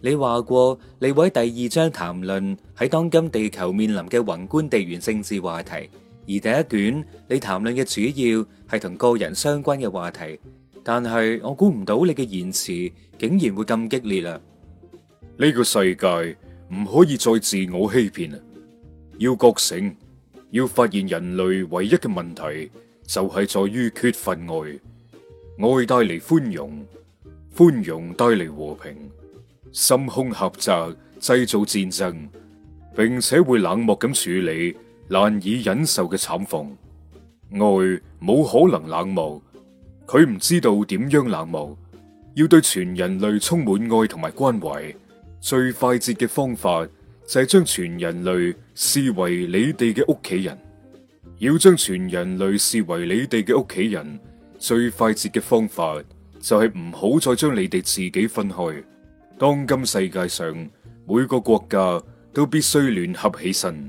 你話過，你會喺第二章談論喺當今地球面臨嘅宏觀地緣政治話題，而第一卷你談論嘅主要係同個人相關嘅話題。但係我估唔到你嘅言辭竟然會咁激烈啦！呢個世界唔可以再自我欺騙啦，要覺醒，要發現人類唯一嘅問題就係、是、在於缺乏愛。愛帶嚟寬容，寬容帶嚟和平。心胸狹窄，製造戰爭，並且會冷漠咁處理難以忍受嘅慘況。愛冇可能冷漠，佢唔知道點樣冷漠。要對全人類充滿愛同埋關懷，最快捷嘅方法就係將全人類視為你哋嘅屋企人。要將全人類視為你哋嘅屋企人，最快捷嘅方法就係唔好再將你哋自己分開。當今世界上每個國家都必須聯合起身。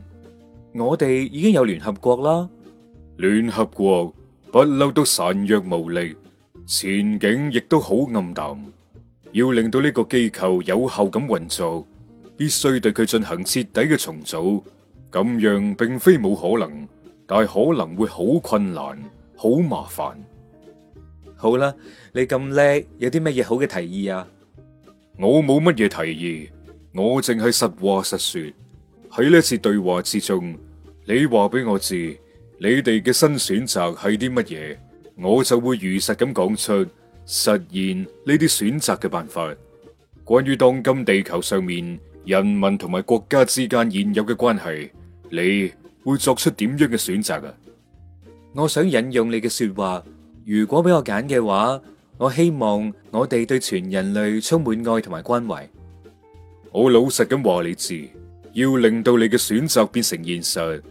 我哋已經有聯合國啦，聯合國不嬲都孱弱無力，前景亦都好暗淡。要令到呢個機構有效咁運作，必須對佢進行徹底嘅重組。咁樣並非冇可能，但係可能會好困難、好麻煩。好啦，你咁叻，有啲乜嘢好嘅提議啊？我冇乜嘢提議，我淨係實話實說。喺呢次對話之中，你話俾我知你哋嘅新選擇係啲乜嘢，我就會如實咁講出實現呢啲選擇嘅辦法。關於當今地球上面人民同埋國家之間現有嘅關係，你會作出點樣嘅選擇啊？我想引用你嘅說話，如果俾我揀嘅話。我希望我哋對全人類充滿愛同埋關懷。我老實咁話你知，要令到你嘅選擇變成現實，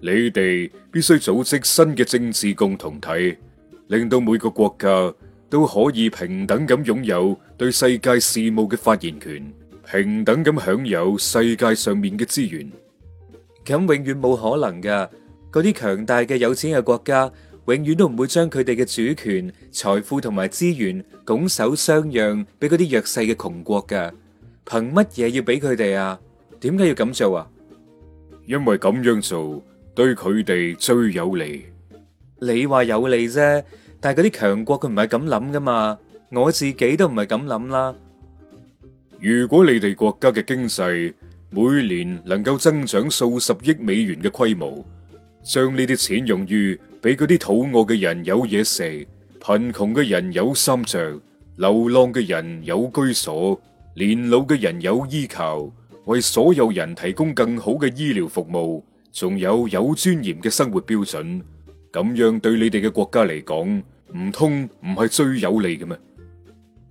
你哋必須組織新嘅政治共同體，令到每個國家都可以平等咁擁有對世界事務嘅發言權，平等咁享有世界上面嘅資源。咁永遠冇可能㗎，嗰啲強大嘅有錢嘅國家。永遠都唔會將佢哋嘅主權、財富同埋資源拱手相讓俾嗰啲弱勢嘅窮國噶。憑乜嘢要俾佢哋啊？點解要咁做啊？因為咁樣做對佢哋最有利。你話有利啫，但係嗰啲強國佢唔係咁諗噶嘛，我自己都唔係咁諗啦。如果你哋國家嘅經濟每年能夠增長數十億美元嘅規模，將呢啲錢用於。俾嗰啲肚餓嘅人有嘢食，貧窮嘅人有衫着，流浪嘅人有居所，年老嘅人有依靠，為所有人提供更好嘅醫療服務，仲有有尊嚴嘅生活標準，咁樣對你哋嘅國家嚟講，唔通唔係最有利嘅咩？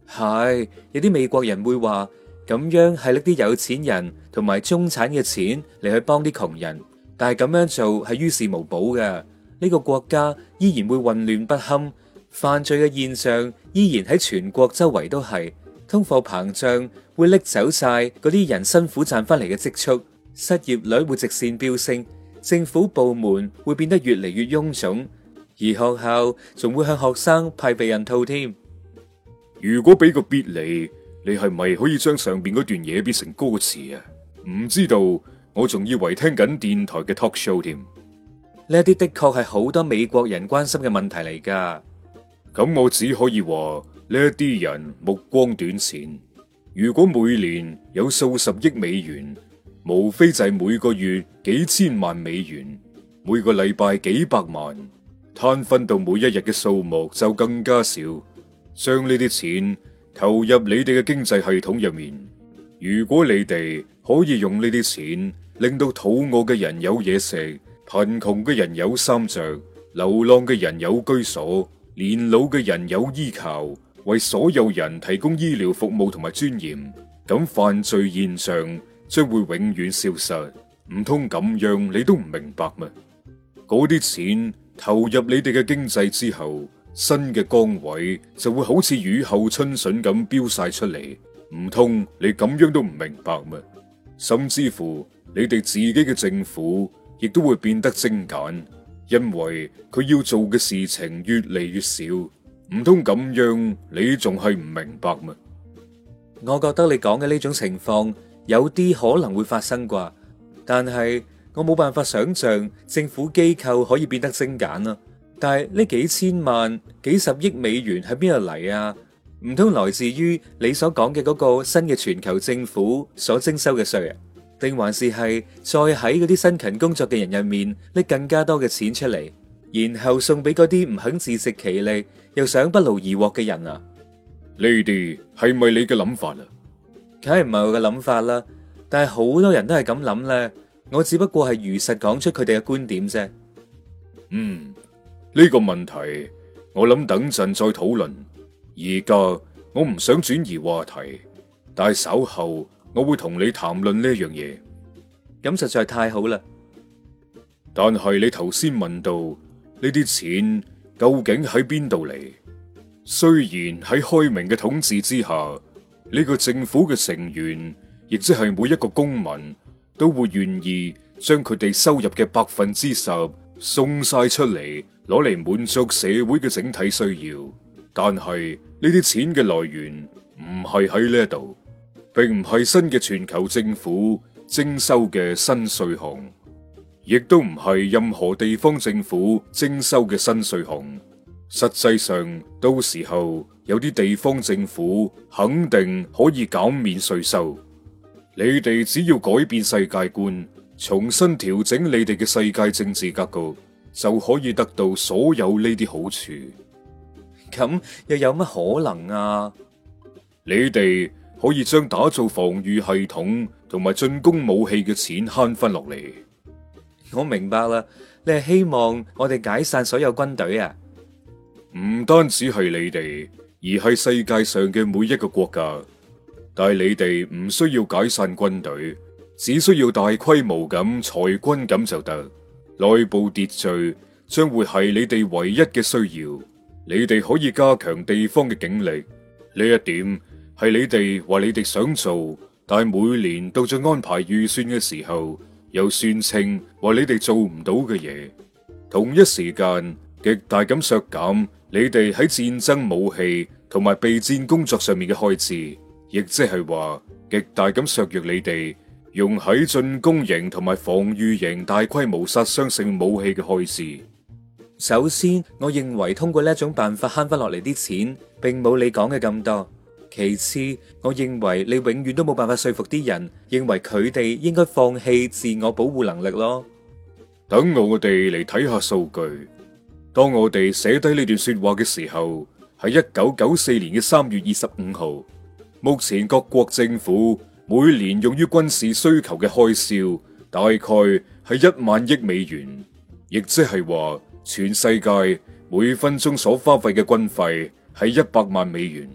係有啲美國人會話，咁樣係搦啲有錢人同埋中產嘅錢嚟去幫啲窮人，但係咁樣做係於事無補嘅。呢個國家依然會混亂不堪，犯罪嘅現象依然喺全國周圍都係，通貨膨脹會拎走晒嗰啲人辛苦賺翻嚟嘅積蓄，失業率會直線飆升，政府部門會變得越嚟越臃腫，而學校仲會向學生派避孕套添。如果俾個 beat 嚟，你係咪可以將上邊嗰段嘢變成歌詞啊？唔知道，我仲以為聽緊電台嘅 talk show 添。呢啲的確係好多美國人關心嘅問題嚟噶。咁我只可以話呢啲人目光短淺。如果每年有數十億美元，無非就係每個月幾千萬美元，每個禮拜幾百萬，攤分到每一日嘅數目就更加少。將呢啲錢投入你哋嘅經濟系統入面，如果你哋可以用呢啲錢令到肚餓嘅人有嘢食。貧窮嘅人有衫着，流浪嘅人有居所，年老嘅人有依靠，為所有人提供醫療服務同埋尊嚴，咁犯罪現象將會永遠消失。唔通咁樣你都唔明白咩？嗰啲錢投入你哋嘅經濟之後，新嘅崗位就會好似雨後春筍咁飆晒出嚟。唔通你咁樣都唔明白咩？甚至乎你哋自己嘅政府。亦都會變得精簡，因為佢要做嘅事情越嚟越少，唔通咁樣你仲係唔明白咩？我覺得你講嘅呢種情況有啲可能會發生啩，但係我冇辦法想象政府機構可以變得精簡啊。但係呢幾千萬、幾十億美元喺邊度嚟啊？唔通來自於你所講嘅嗰個新嘅全球政府所徵收嘅稅啊？定還是係再喺嗰啲辛勤工作嘅人入面拎更加多嘅錢出嚟，然後送俾嗰啲唔肯自食其力又想不勞而獲嘅人啊？呢啲係咪你嘅諗法啊？梗係唔係我嘅諗法啦，但係好多人都係咁諗咧。我只不過係如實講出佢哋嘅觀點啫。嗯，呢個問題我諗等陣再討論。而家我唔想轉移話題，但係稍後。我會同你談論呢樣嘢，咁、嗯、實在太好啦！但係你頭先問到呢啲錢究竟喺邊度嚟？雖然喺開明嘅統治之下，呢、這個政府嘅成員，亦即係每一個公民，都會願意將佢哋收入嘅百分之十送晒出嚟，攞嚟滿足社會嘅整體需要。但係呢啲錢嘅來源唔係喺呢度。並唔係新嘅全球政府徵收嘅新稅項，亦都唔係任何地方政府徵收嘅新稅項。實際上，到時候有啲地方政府肯定可以減免稅收。你哋只要改變世界觀，重新調整你哋嘅世界政治格局，就可以得到所有呢啲好處。咁又有乜可能啊？你哋？可以將打造防禦系統同埋進攻武器嘅錢慳翻落嚟。我明白啦，你係希望我哋解散所有軍隊啊？唔單止係你哋，而係世界上嘅每一個國家。但係你哋唔需要解散軍隊，只需要大規模咁裁軍咁就得。內部秩序將會係你哋唯一嘅需要。需要，你哋可以加強地方嘅警力。呢一點。係你哋話你哋想做，但係每年到咗安排預算嘅時候，又算清話你哋做唔到嘅嘢。同一時間，極大咁削減你哋喺戰爭武器同埋備戰工作上面嘅開支，亦即係話極大咁削弱你哋用喺進攻型同埋防禦型大規模殺傷性武器嘅開支。首先，我認為通過呢種辦法慳翻落嚟啲錢，並冇你講嘅咁多。其次，我認為你永遠都冇辦法說服啲人認為佢哋應該放棄自我保護能力咯。等我哋嚟睇下數據。當我哋寫低呢段說話嘅時候，係一九九四年嘅三月二十五號。目前各國政府每年用於軍事需求嘅開銷大概係一萬億美元，亦即係話全世界每分鐘所花費嘅軍費係一百萬美元。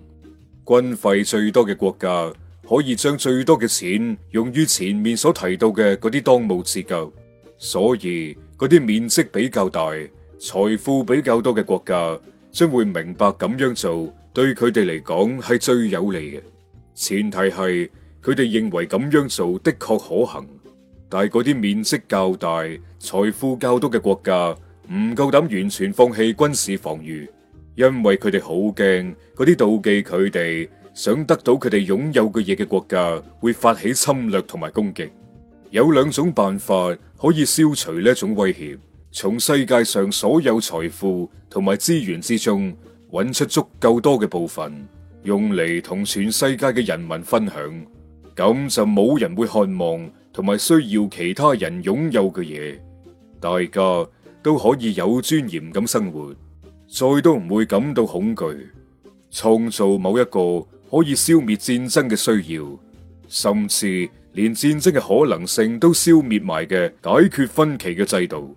軍費最多嘅國家可以將最多嘅錢用於前面所提到嘅嗰啲當務之急，所以嗰啲面積比較大、財富比較多嘅國家，將會明白咁樣做對佢哋嚟講係最有利嘅。前提係佢哋認為咁樣做的確可行，但係嗰啲面積較大、財富較多嘅國家唔夠膽完全放棄軍事防禦。因為佢哋好驚嗰啲妒忌佢哋想得到佢哋擁有嘅嘢嘅國家會發起侵略同埋攻擊。有兩種辦法可以消除呢種威脅：從世界上所有財富同埋資源之中揾出足夠多嘅部分，用嚟同全世界嘅人民分享，咁就冇人會渴望同埋需要其他人擁有嘅嘢，大家都可以有尊嚴咁生活。再都唔會感到恐懼，創造某一個可以消滅戰爭嘅需要，甚至連戰爭嘅可能性都消滅埋嘅解決分歧嘅制度。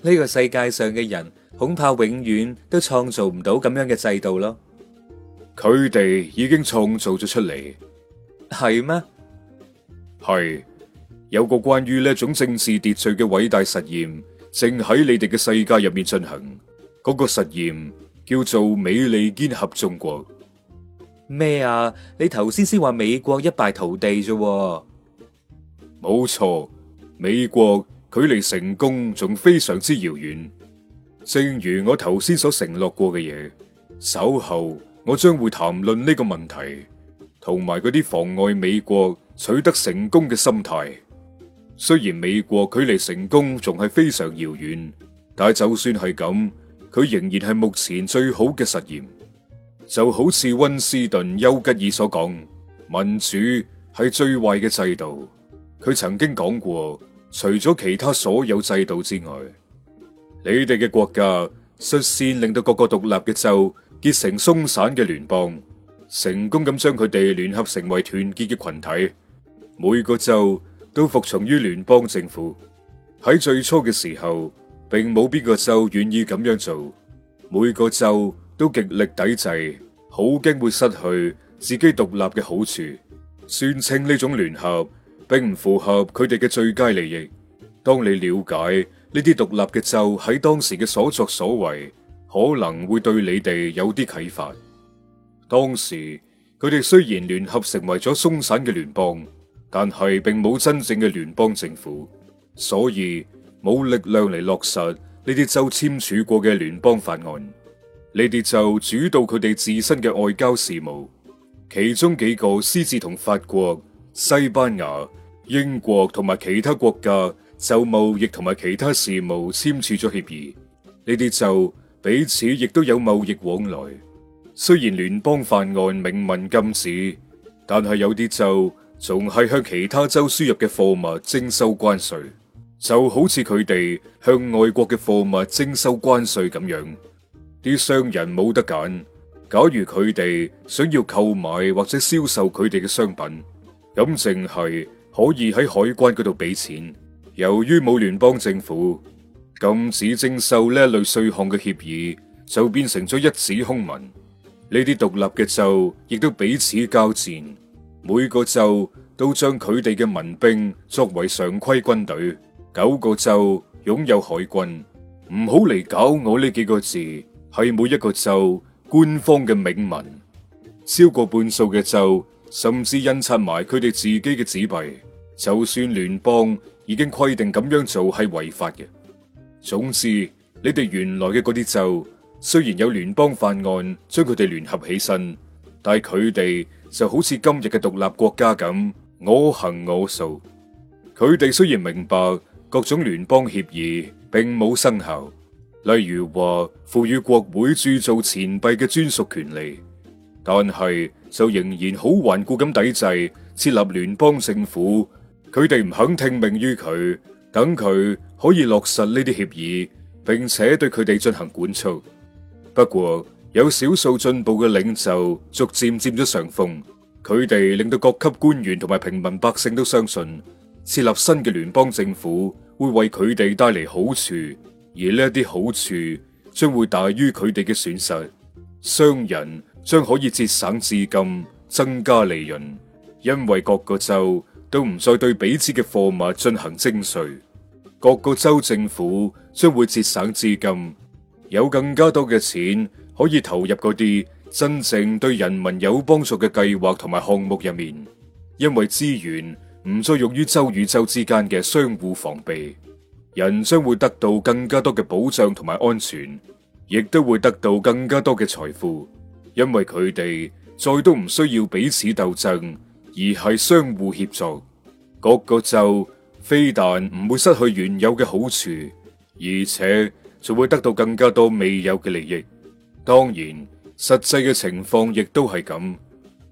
呢個世界上嘅人恐怕永遠都創造唔到咁樣嘅制度咯。佢哋已經創造咗出嚟，係咩嗎？係，有個關於呢種政治秩序嘅偉大實驗，正喺你哋嘅世界入面進行。嗰個實驗叫做美利堅合眾國咩啊？你頭先先話美國一敗塗地啫。冇錯，美國距離成功仲非常之遙遠。正如我頭先所承諾過嘅嘢，稍後我將會談論呢個問題，同埋嗰啲妨礙美國取得成功嘅心態。雖然美國距離成功仲係非常遙遠，但係就算係咁。佢仍然係目前最好嘅實驗，就好似溫斯頓丘吉爾所講，民主係最壞嘅制度。佢曾經講過，除咗其他所有制度之外，你哋嘅國家率先令到各個獨立嘅州結成鬆散嘅聯邦，成功咁將佢哋聯合成為團結嘅群體。每個州都服從於聯邦政府。喺最初嘅時候，並冇邊個州願意咁樣做，每個州都極力抵制，好驚會失去自己獨立嘅好處。宣稱呢種聯合並唔符合佢哋嘅最佳利益。當你了解呢啲獨立嘅州喺當時嘅所作所為，可能會對你哋有啲啟發。當時佢哋雖然聯合成為咗鬆散嘅聯邦，但係並冇真正嘅聯邦政府，所以。冇力量嚟落實呢啲州簽署過嘅聯邦法案，呢啲州主導佢哋自身嘅外交事務。其中幾個私自同法國、西班牙、英國同埋其他國家就貿易同埋其他事務簽署咗協議。呢啲州彼此亦都有貿易往來。雖然聯邦法案明文禁止，但係有啲州仲係向其他州輸入嘅貨物徵收關稅。就好似佢哋向外國嘅貨物徵收關稅咁樣，啲商人冇得揀。假如佢哋想要購買或者銷售佢哋嘅商品，咁淨係可以喺海關嗰度俾錢。由於冇聯邦政府禁止徵收呢一類稅項嘅協議，就變成咗一紙空文。呢啲獨立嘅州亦都彼此交戰，每個州都將佢哋嘅民兵作為常規軍隊。九個州擁有海軍，唔好嚟搞我呢幾個字係每一個州官方嘅銘文。超過半數嘅州甚至印刷埋佢哋自己嘅紙幣，就算聯邦已經規定咁樣做係違法嘅。總之，你哋原來嘅嗰啲州雖然有聯邦法案將佢哋聯合起身，但係佢哋就好似今日嘅獨立國家咁，我行我素。佢哋雖然明白。各種聯邦協議並冇生效，例如話賦予國會鑄造錢幣嘅專屬權利，但係就仍然好頑固咁抵制設立聯邦政府，佢哋唔肯聽命於佢，等佢可以落實呢啲協議，並且對佢哋進行管束。不過有少數進步嘅領袖逐漸佔咗上風，佢哋令到各級官員同埋平民百姓都相信。設立新嘅聯邦政府會為佢哋帶嚟好處，而呢啲好處將會大於佢哋嘅損失。商人將可以節省資金，增加利潤，因為各個州都唔再對彼此嘅貨物進行徵稅。各個州政府將會節省資金，有更加多嘅錢可以投入嗰啲真正對人民有幫助嘅計劃同埋項目入面，因為資源。唔再用於州與州之間嘅相互防備，人將會得到更加多嘅保障同埋安全，亦都會得到更加多嘅財富，因為佢哋再都唔需要彼此鬥爭，而係相互協助。各個州非但唔會失去原有嘅好處，而且仲會得到更加多未有嘅利益。當然，實際嘅情況亦都係咁。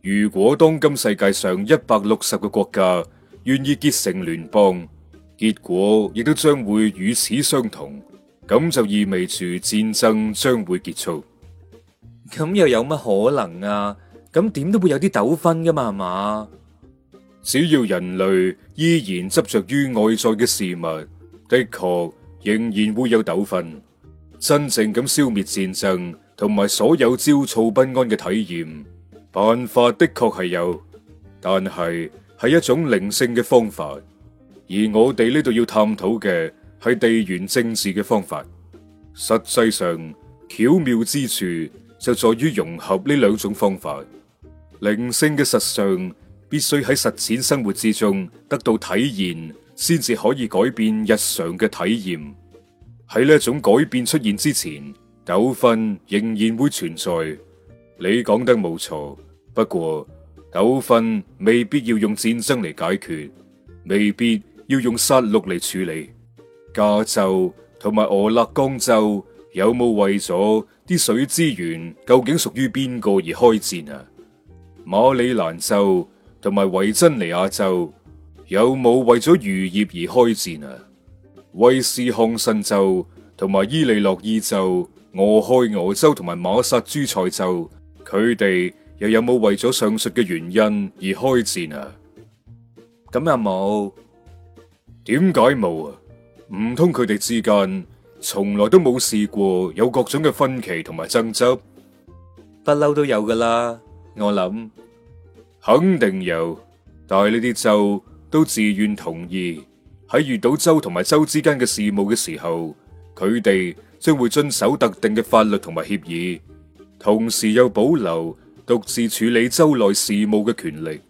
如果當今世界上一百六十個國家，願意結成聯邦，結果亦都將會與此相同，咁就意味住戰爭將會結束。咁又有乜可能啊？咁點都會有啲糾紛㗎嘛？係嘛？只要人類依然執着於外在嘅事物，的確仍然會有糾紛。真正咁消滅戰爭同埋所有焦躁不安嘅體驗，辦法的確係有，但係。係一種靈性嘅方法，而我哋呢度要探討嘅係地緣政治嘅方法。實際上，巧妙之處就在於融合呢兩種方法。靈性嘅實相必須喺實踐生活之中得到體現，先至可以改變日常嘅體驗。喺呢一種改變出現之前，糾紛仍然會存在。你講得冇錯，不過。糾紛未必要用戰爭嚟解決，未必要用殺戮嚟處理。加州同埋俄勒岡州有冇為咗啲水資源究竟屬於邊個而開戰啊？馬里蘭州同埋維珍尼亞州有冇為咗漁業而開戰啊？威斯康辛州同埋伊利諾伊州、俄亥俄州同埋馬薩諸塞州，佢哋。又有冇為咗上述嘅原因而開戰啊？咁又冇？點解冇啊？唔通佢哋之間從來都冇試過有各種嘅分歧同埋爭執？不嬲都有㗎喇。我諗肯定有，但係呢啲州都自願同意喺遇到州同埋州之間嘅事務嘅時候，佢哋將會遵守特定嘅法律同埋協議，同時又保留。獨自處理州內事務嘅權力。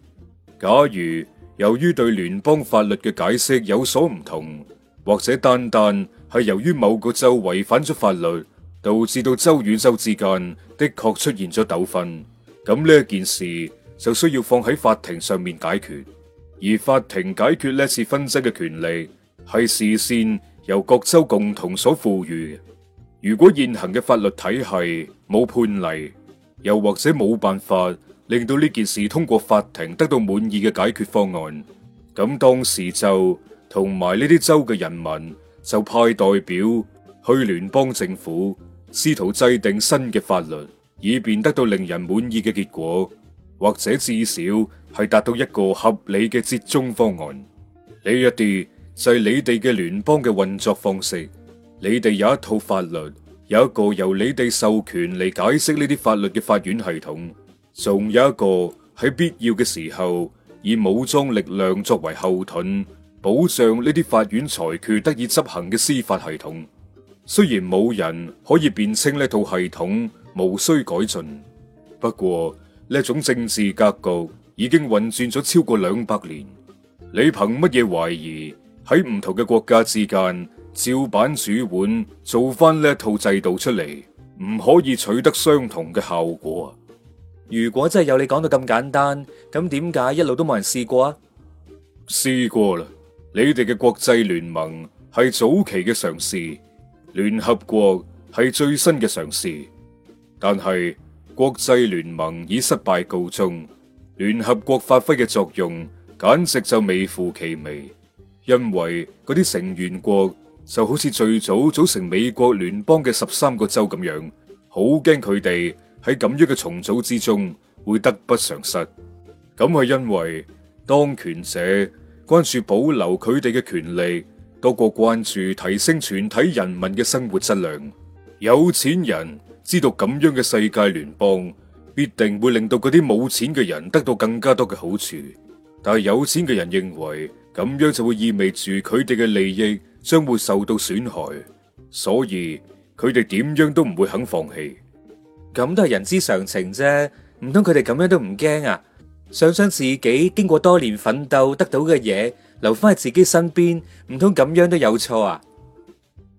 假如由於對聯邦法律嘅解釋有所唔同，或者單單係由於某個州違反咗法律，導致到州與州之間的確出現咗糾紛，咁呢件事就需要放喺法庭上面解決。而法庭解決呢次紛爭嘅權利，係事先由各州共同所賦予。如果現行嘅法律體系冇判例，又或者冇辦法令到呢件事通過法庭得到滿意嘅解決方案，咁當時就同埋呢啲州嘅人民就派代表去聯邦政府，試圖制定新嘅法律，以便得到令人滿意嘅結果，或者至少係達到一個合理嘅折中方案。呢一啲就係你哋嘅聯邦嘅運作方式，你哋有一套法律。有一個由你哋授權嚟解釋呢啲法律嘅法院系統，仲有一個喺必要嘅時候以武裝力量作為後盾，保障呢啲法院裁決得以執行嘅司法系統。雖然冇人可以辯稱呢套系統無需改進，不過呢種政治格局已經運轉咗超過兩百年，你憑乜嘢懷疑喺唔同嘅國家之間？照版煮碗做翻呢一套制度出嚟，唔可以取得相同嘅效果啊！如果真係有你講到咁簡單，咁點解一路都冇人試過啊？試過啦，你哋嘅國際聯盟係早期嘅嘗試，聯合國係最新嘅嘗試，但係國際聯盟以失敗告終，聯合國發揮嘅作用簡直就微乎其微，因為嗰啲成員國。就好似最早組成美國聯邦嘅十三個州咁樣，好驚佢哋喺咁樣嘅重組之中會得不償失。咁係因為當權者關注保留佢哋嘅權利，多過關注提升全體人民嘅生活質量。有錢人知道咁樣嘅世界聯邦必定會令到嗰啲冇錢嘅人得到更加多嘅好處，但係有錢嘅人認為咁樣就會意味住佢哋嘅利益。將會受到損害，所以佢哋點樣都唔會肯放棄。咁都係人之常情啫，唔通佢哋咁樣都唔驚啊？想想自己經過多年奮鬥得到嘅嘢，留翻喺自己身邊，唔通咁樣都有錯啊？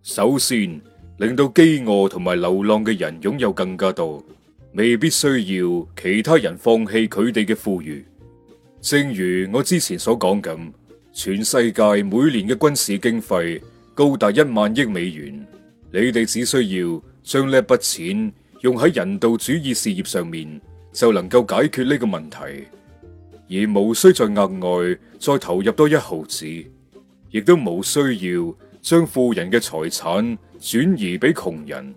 首先，令到飢餓同埋流浪嘅人擁有更加多，未必需要其他人放棄佢哋嘅富裕。正如我之前所講咁。全世界每年嘅軍事經費高達一萬億美元，你哋只需要將呢一筆錢用喺人道主義事業上面，就能夠解決呢個問題，而無需再額外再投入多一毫子，亦都無需要將富人嘅財產轉移俾窮人。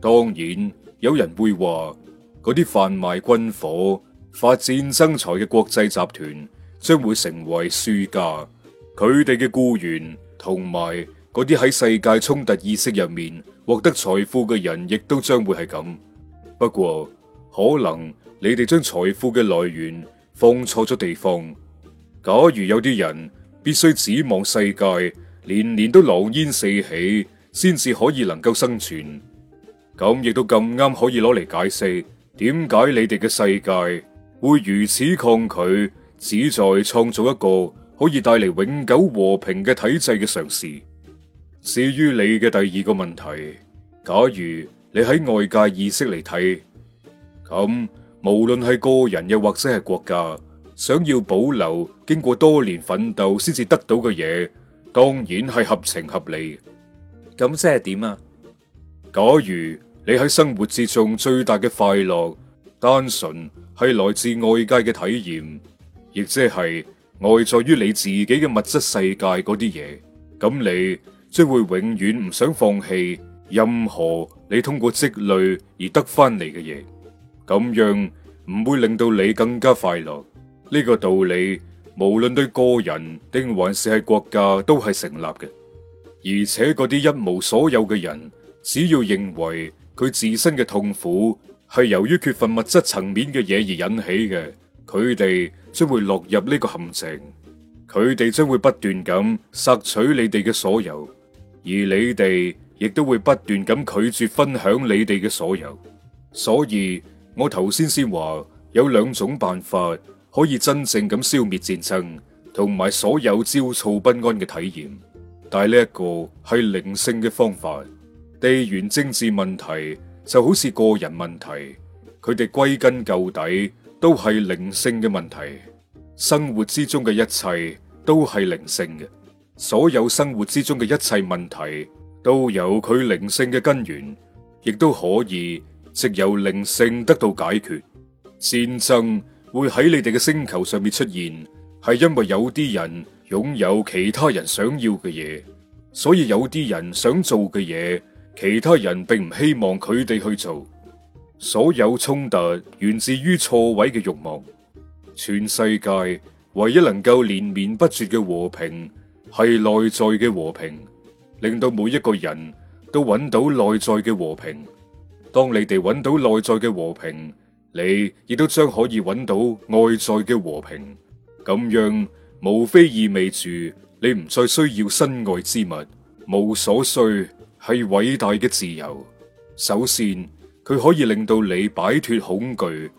當然，有人會話嗰啲販賣軍火、發戰爭財嘅國際集團將會成為輸家，佢哋嘅僱員同埋嗰啲喺世界衝突意識入面獲得財富嘅人，亦都將會係咁。不過可能你哋將財富嘅來源放錯咗地方。假如有啲人必須指望世界年年都狼煙四起，先至可以能夠生存，咁亦都咁啱可以攞嚟解釋點解你哋嘅世界會如此抗拒旨在創造一個可以帶嚟永久和平嘅體制嘅嘗試。至於你嘅第二個問題，假如你喺外界意識嚟睇，咁無論係個人又或者係國家，想要保留經過多年奮鬥先至得到嘅嘢，當然係合情合理。咁即係點啊？假如你喺生活之中最大嘅快樂，單純係來自外界嘅體驗。亦即係外在於你自己嘅物質世界嗰啲嘢，咁你將會永遠唔想放棄任何你通過積累而得翻嚟嘅嘢。咁樣唔會令到你更加快樂呢個道理，無論對個人定還是係國家都係成立嘅。而且嗰啲一無所有嘅人，只要認為佢自身嘅痛苦係由於缺乏物質層面嘅嘢而引起嘅，佢哋將會落入呢個陷阱，佢哋將會不斷咁索取你哋嘅所有，而你哋亦都會不斷咁拒絕分享你哋嘅所有。所以，我頭先先話有兩種辦法可以真正咁消滅戰爭同埋所有焦躁不安嘅體驗，但係呢一個係靈性嘅方法。地緣政治問題就好似個人問題，佢哋歸根究底。都係靈性嘅問題，生活之中嘅一切都係靈性嘅，所有生活之中嘅一切問題，都有佢靈性嘅根源，亦都可以藉由靈性得到解決。戰爭會喺你哋嘅星球上面出現，係因為有啲人擁有其他人想要嘅嘢，所以有啲人想做嘅嘢，其他人並唔希望佢哋去做。所有衝突源自於錯位嘅欲望，全世界唯一能夠連綿不絕嘅和平係內在嘅和平，令到每一個人都揾到內在嘅和平。當你哋揾到內在嘅和平，你亦都將可以揾到外在嘅和平。咁樣無非意味住你唔再需要身外之物，無所需，係偉大嘅自由。首先。佢可以令到你擺脱恐懼，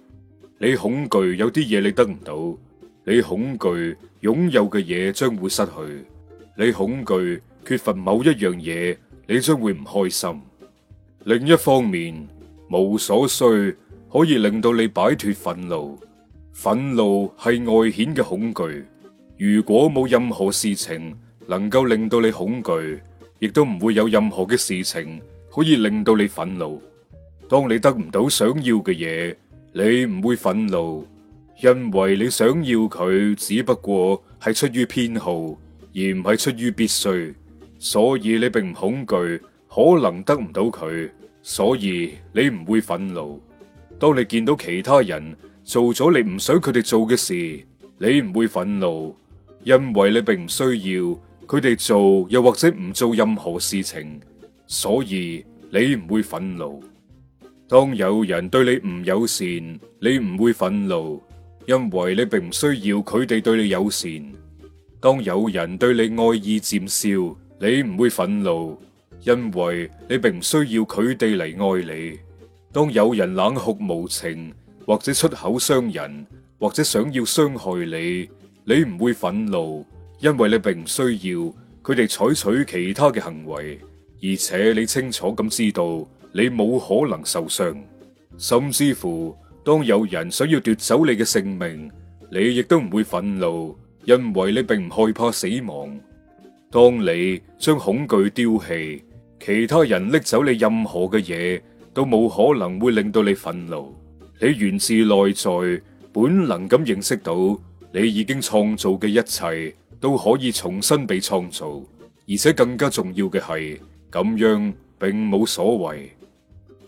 你恐懼有啲嘢你得唔到，你恐懼擁有嘅嘢將會失去，你恐懼缺乏某一樣嘢，你將會唔開心。另一方面，無所需可以令到你擺脱憤怒，憤怒係外顯嘅恐懼。如果冇任何事情能夠令到你恐懼，亦都唔會有任何嘅事情可以令到你憤怒。當你得唔到想要嘅嘢，你唔會憤怒，因為你想要佢只不過係出於偏好，而唔係出於必須，所以你並唔恐懼可能得唔到佢，所以你唔會憤怒。當你見到其他人做咗你唔想佢哋做嘅事，你唔會憤怒，因為你並唔需要佢哋做，又或者唔做任何事情，所以你唔會憤怒。當有人對你唔友善，你唔會憤怒，因為你並唔需要佢哋對你友善。當有人對你愛意漸少，你唔會憤怒，因為你並唔需要佢哋嚟愛你。當有人冷酷無情，或者出口傷人，或者想要傷害你，你唔會憤怒，因為你並唔需要佢哋採取其他嘅行為，而且你清楚咁知道。你冇可能受傷，甚至乎當有人想要奪走你嘅性命，你亦都唔會憤怒，因為你並唔害怕死亡。當你將恐懼丟棄，其他人拎走你任何嘅嘢，都冇可能會令到你憤怒。你源自內在，本能咁認識到，你已經創造嘅一切都可以重新被創造，而且更加重要嘅係，咁樣並冇所謂。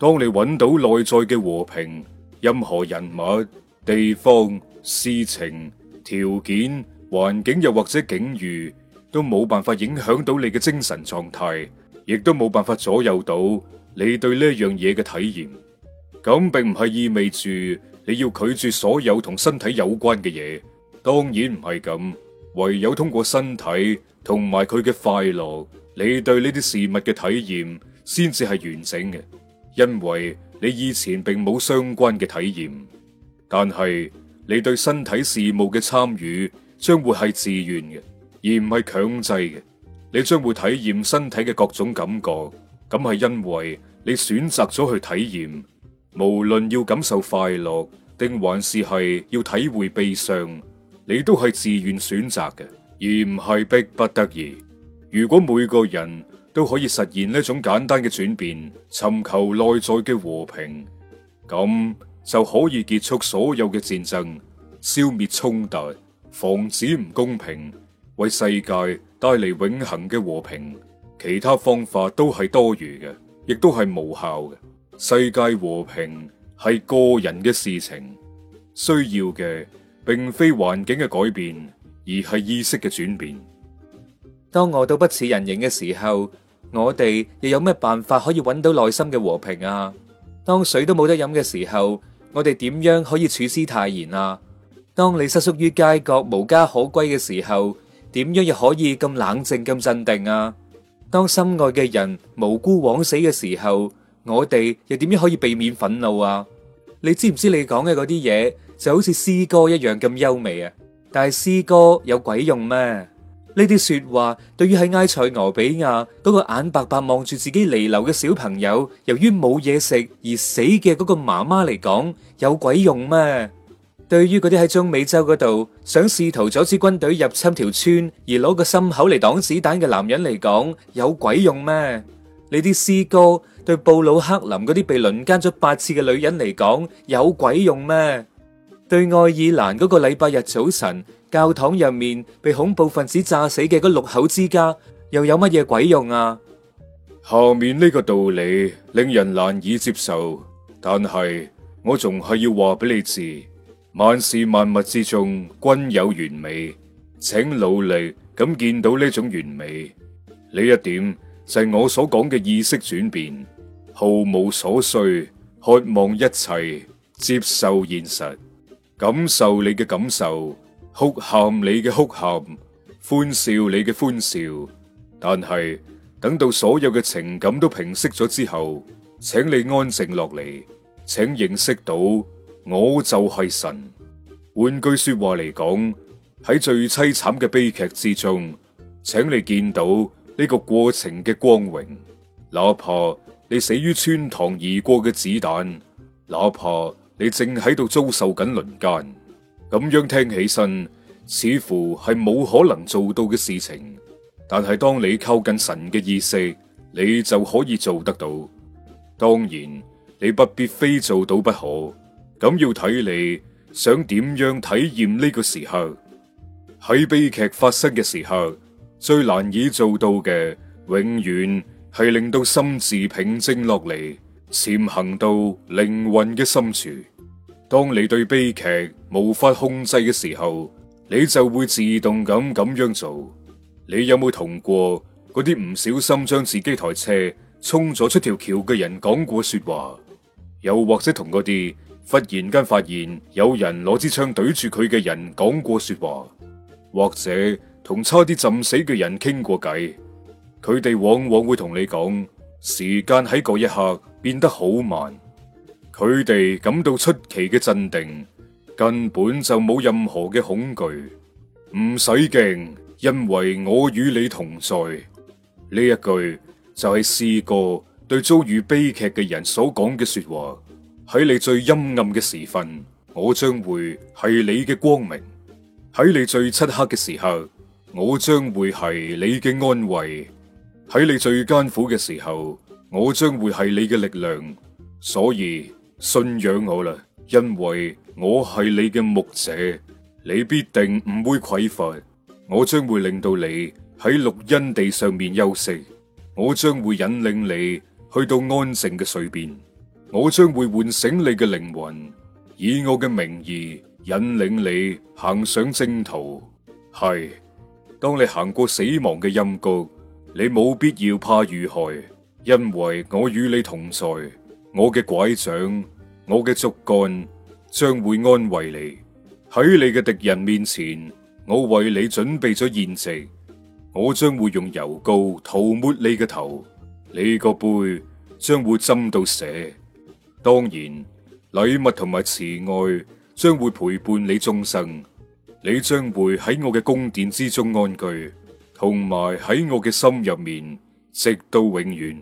當你揾到內在嘅和平，任何人物、地方、事情、條件、環境又或者境遇，都冇辦法影響到你嘅精神狀態，亦都冇辦法左右到你對呢一樣嘢嘅體驗。咁並唔係意味住你要拒絕所有同身體有關嘅嘢，當然唔係咁。唯有通過身體同埋佢嘅快樂，你對呢啲事物嘅體驗先至係完整嘅。因為你以前並冇相關嘅體驗，但係你對身體事務嘅參與將會係自願嘅，而唔係強制嘅。你將會體驗身體嘅各種感覺，咁係因為你選擇咗去體驗。無論要感受快樂，定還是係要體會悲傷，你都係自願選擇嘅，而唔係逼不得已。如果每個人，都可以實現呢種簡單嘅轉變，尋求內在嘅和平，咁就可以結束所有嘅戰爭，消滅衝突，防止唔公平，為世界帶嚟永恆嘅和平。其他方法都係多餘嘅，亦都係無效嘅。世界和平係個人嘅事情，需要嘅並非環境嘅改變，而係意識嘅轉變。當我到不似人形嘅時候。我哋又有咩辦法可以揾到內心嘅和平啊？當水都冇得飲嘅時候，我哋點樣可以處之泰然啊？當你瑟縮於街角無家可歸嘅時候，點樣又可以咁冷靜咁鎮定啊？當心愛嘅人無辜枉死嘅時候，我哋又點樣可以避免憤怒啊？你知唔知你講嘅嗰啲嘢就好似詩歌一樣咁優美啊？但係詩歌有鬼用咩？呢啲說話對於喺埃塞俄比亞嗰個眼白白望住自己彌留嘅小朋友，由於冇嘢食而死嘅嗰個媽媽嚟講，有鬼用咩？對於嗰啲喺中美洲嗰度想試圖阻止軍隊入侵條村而攞個心口嚟擋子彈嘅男人嚟講，有鬼用咩？呢啲詩歌對布魯克林嗰啲被輪姦咗八次嘅女人嚟講，有鬼用咩？對愛爾蘭嗰個禮拜日早晨教堂入面被恐怖分子炸死嘅嗰六口之家，又有乜嘢鬼用啊？下面呢個道理令人難以接受，但係我仲係要話俾你知，萬事萬物之中均有完美，請努力咁見到呢種完美。呢一點就係我所講嘅意識轉變，毫無所需，渴望一切，接受現實。感受你嘅感受，哭喊你嘅哭喊，歡笑你嘅歡笑，但係等到所有嘅情感都平息咗之後，請你安靜落嚟，請認識到我就係神。換句說話嚟講，喺最淒慘嘅悲劇之中，請你見到呢個過程嘅光榮，哪怕你死於穿堂而過嘅子彈，哪怕。你正喺度遭受緊輪奸，咁樣聽起身似乎係冇可能做到嘅事情。但係當你靠近神嘅意識，你就可以做得到。當然，你不必非做到不可，咁要睇你想點樣體驗呢個時候。喺悲劇發生嘅時候，最難以做到嘅，永遠係令到心智平靜落嚟，潛行到靈魂嘅深處。當你對悲劇無法控制嘅時候，你就會自動咁咁樣做。你有冇同過嗰啲唔小心將自己台車衝咗出條橋嘅人講過說話？又或者同嗰啲忽然間發現有人攞支槍對住佢嘅人講過說話？或者同差啲浸死嘅人傾過偈？佢哋往往會同你講，時間喺嗰一刻變得好慢。佢哋感到出奇嘅鎮定，根本就冇任何嘅恐懼，唔使驚，因為我與你同在。呢一句就係試過對遭遇悲劇嘅人所講嘅說話。喺你最陰暗嘅時分，我將會係你嘅光明；喺你最漆黑嘅時候，我將會係你嘅安慰；喺你最艱苦嘅時候，我將會係你嘅力量。所以。信仰我啦，因為我係你嘅牧者，你必定唔會匱乏。我將會令到你喺綠蔭地上面休息，我將會引領你去到安靜嘅水邊，我將會喚醒你嘅靈魂，以我嘅名義引領你行上征途。係，當你行過死亡嘅陰谷，你冇必要怕遇害，因為我與你同在，我嘅拐杖。我嘅竹竿將會安慰你。喺你嘅敵人面前，我為你準備咗宴席，我將會用油膏塗抹你嘅頭，你個杯將會浸到瀉。當然，禮物同埋慈愛將會陪伴你終生，你將會喺我嘅宮殿之中安居，同埋喺我嘅心入面直到永遠。